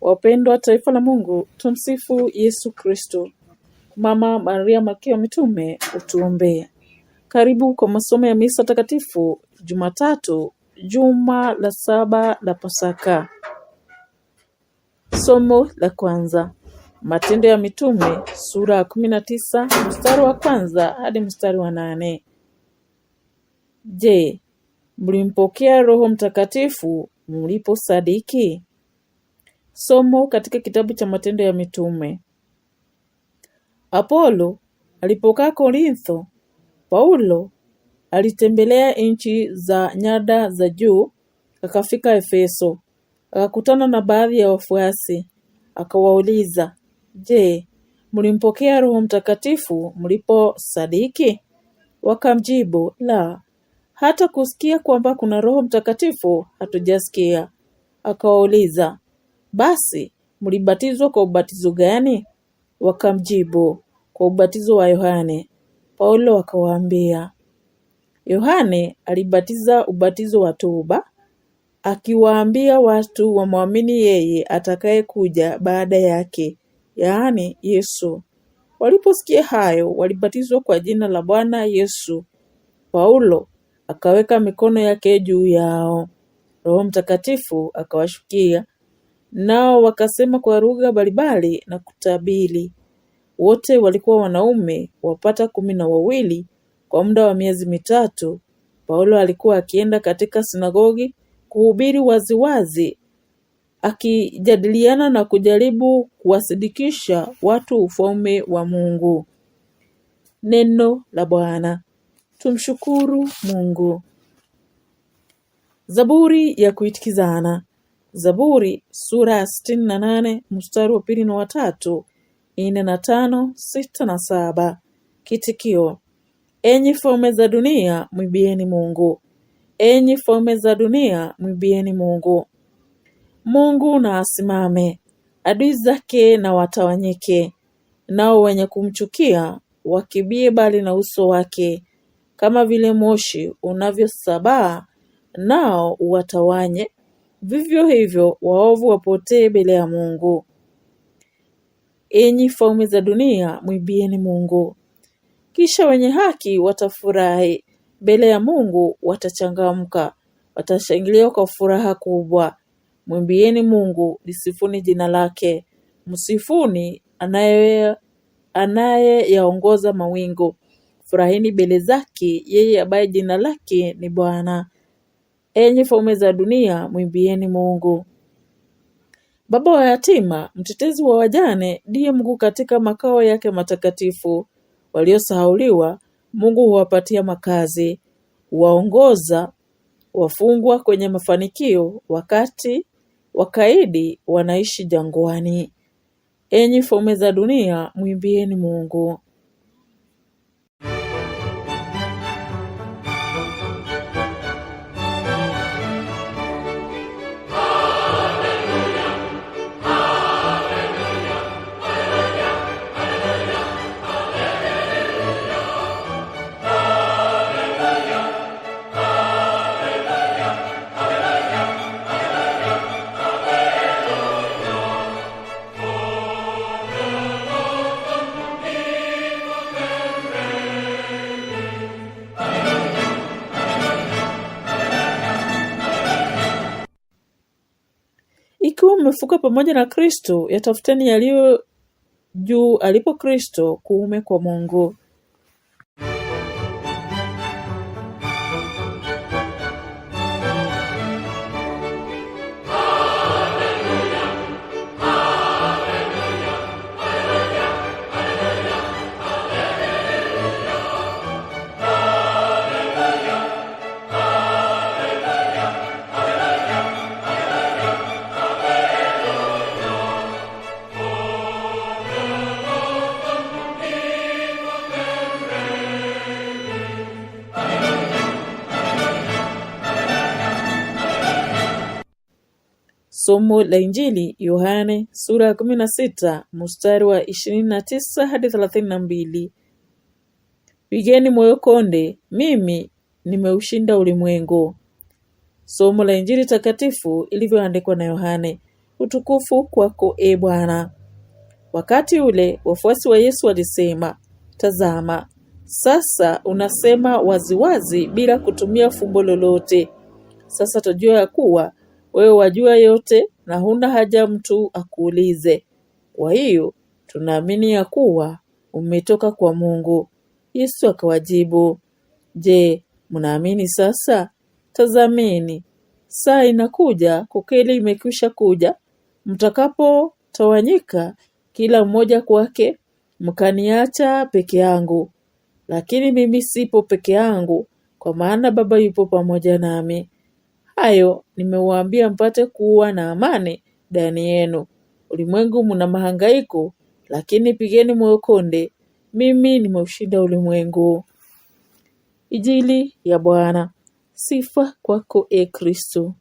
Wapendwa taifa la Mungu, tumsifu Yesu Kristo. Mama Maria Malkia wa Mitume, utuombee. Karibu kwa masomo ya misa takatifu Jumatatu, juma la saba la Pasaka. Somo la kwanza, Matendo ya Mitume sura ya kumi na tisa mstari wa kwanza hadi mstari wa nane. Je, Mlimpokea Roho Mtakatifu mliposadiki? Somo katika kitabu cha Matendo ya Mitume. Apolo alipokaa Korintho, Paulo alitembelea nchi za nyada za juu, akafika Efeso, akakutana na baadhi ya wafuasi, akawauliza, Je, mlimpokea Roho Mtakatifu mliposadiki? Wakamjibu, la, hata kusikia kwamba kuna Roho Mtakatifu hatujasikia. Akawauliza, basi mlibatizwa kwa ubatizo gani? Wakamjibu, kwa ubatizo wa Yohane. Paulo akawaambia, Yohane alibatiza ubatizo wa toba, akiwaambia watu wamwamini yeye atakayekuja baada yake, yaani Yesu. Waliposikia hayo, walibatizwa kwa jina la Bwana Yesu. Paulo akaweka mikono yake juu yao, Roho Mtakatifu akawashukia, nao wakasema kwa lugha mbalimbali na kutabiri. Wote walikuwa wanaume wapata kumi na wawili. Kwa muda wa miezi mitatu, Paulo alikuwa akienda katika sinagogi kuhubiri waziwazi, akijadiliana na kujaribu kuwasidikisha watu ufalme wa Mungu. Neno la Bwana. Tumshukuru Mungu. Zaburi ya kuitikizana. Zaburi sura ya sitini na nane mstari wa pili na watatu nne na tano sita na saba Kitikio: enyi falme za dunia mwibieni Mungu, enyi falme za dunia mwibieni Mungu. Mungu na asimame, adui zake na watawanyike, nao wenye kumchukia wakibie bali na uso wake, kama vile moshi unavyosabaa nao uwatawanye, vivyo hivyo waovu wapotee mbele ya Mungu. Enyi falme za dunia, mwibieni Mungu, kisha wenye haki watafurahi mbele ya Mungu, watachangamka, watashangilia kwa furaha kubwa. Mwimbieni Mungu, lisifuni jina lake, msifuni anaye anayeyaongoza mawingu furahini mbele zake yeye ambaye jina lake ni Bwana. Enyi falme za dunia, mwimbieni Mungu. Baba wa yatima, mtetezi wa wajane, ndiye Mungu katika makao yake matakatifu. Waliosahauliwa Mungu huwapatia makazi, huwaongoza wafungwa kwenye mafanikio, wakati wakaidi wanaishi jangwani. Enyi falme za dunia, mwimbieni Mungu. mmefuka pamoja na Kristo, yatafuteni yaliyo juu alipo Kristo, kuume kwa Mungu. Somo la Injili Yohane sura ya kumi na sita mstari wa ishirini na tisa hadi thelathini na mbili Pigeni moyo konde, mimi nimeushinda ulimwengu. Somo la Injili takatifu ilivyoandikwa na Yohane. Utukufu kwako e Bwana. Wakati ule wafuasi wa Yesu walisema, tazama, sasa unasema waziwazi bila kutumia fumbo lolote. Sasa twajua ya kuwa wewe wajua yote na huna haja mtu akuulize. Kwa hiyo tunaamini ya kuwa umetoka kwa Mungu. Yesu akawajibu, Je, mnaamini sasa? Tazameni, saa inakuja, kokeli imekwisha kuja, mtakapotawanyika kila mmoja kwake, mkaniacha peke yangu. Lakini mimi sipo peke yangu, kwa maana Baba yupo pamoja nami. Hayo nimewaambia mpate kuwa na amani ndani yenu. Ulimwengu mna mahangaiko, lakini pigeni moyo konde, mimi nimeushinda ulimwengu. ijili ya Bwana. Sifa kwako e Kristo.